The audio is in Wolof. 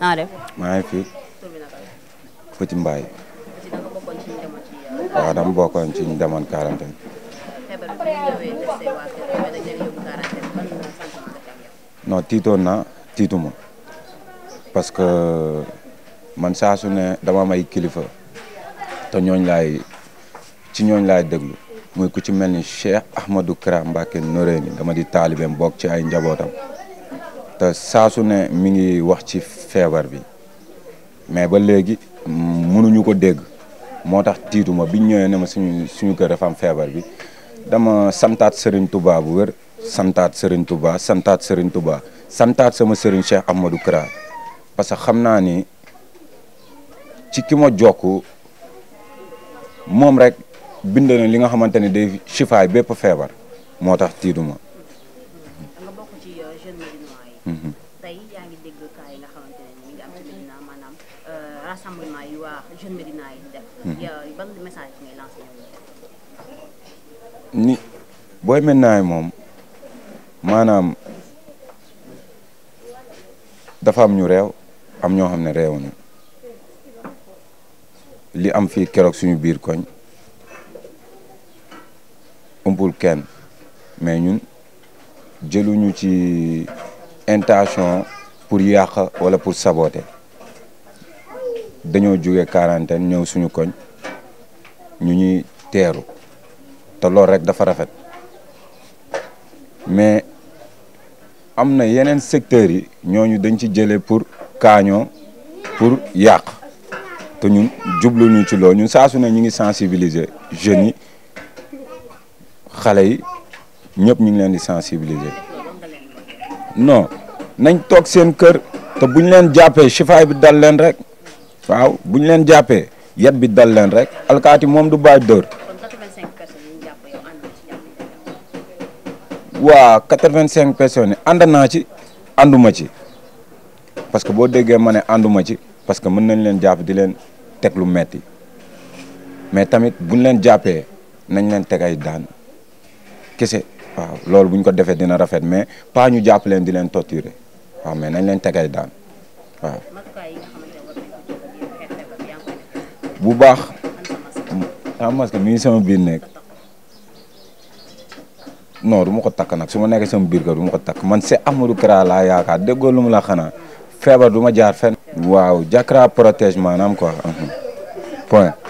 maa ngi fi Fati Mbaye. waaw dama bokkoon ci ñu demoon quarantaine. non tiitoon na tiituma parce que man saa su ne dama am ay kilifa te ñooñ lay ci ñooñ laay déglu muy ku ci mel ni Cheikh Ahmadou Kara Mbacké dama di taalibeem bokk ci ay njabootam te saa su ngi wax ci. feebar bi mais ba léegi mënuñu ko dégg moo tax tiituma biñ ñëwee ne ma suñu suñu kër am feebar bi dama santaat Serigne Touba bu wér santaat Serigne Touba santaat Serigne Touba santaat sama Serigne Cheikh Ahmadou Kara parce que xam naa ni ci ki jokk moom rek bind na li nga xamante ne day chifaay bépp feebar moo tax tiituma tey yaa yi ni booy Medina yi hmm. moom maanaam dafa am ñu réew am ñoo xam ne réewuñu li am fii keroog suñu biir koñ umpul kenn mais ñun jëluñu ci. intention pour yàq wala pour sabote dañoo jóge quarantaine ñëw suñu koñ ñu ñuy teeru te loolu rek dafa rafet mais am na yeneen secteurs yi ñooñu dañ ci jëlee pour kaañoo pour yàq te ñun jublu ñu ci loolu ñun saa su ne ñu ngi sensibiliser jeunes yi xale yi ñëpp ñu ngi leen di sensibiliser. non nañ toog seen kër te bu ñu leen jàppee chifaay bi dal leen rek waaw bu ñu leen jàppee yet bi dal leen rek alkaati moom du bàyyi dóor waa quatre-vingt-cinq personnes yi ànd naa ci ànduma ci parce que boo déggee ma ne ànduma ci parce que mën nañ leen jàpp di leen teg lu metti mais tamit buñ leen jàppee nañ leen teg ay daan kese waaw loolu bu ñu ko defee dina rafet mais pas ñu jàpp leen di leen torturer waaw nañ leen tegay daan bu baax. am ah, masque mi ngi sama biir nekk non du ko takk nag su ma nekkee sama biir kër du ma ko takk man c'est Amadou Kara laa yaakaar déggoo lu mu la xanaa feebar du ma jaar fen waaw Jakaraa protège maanaam quoi point.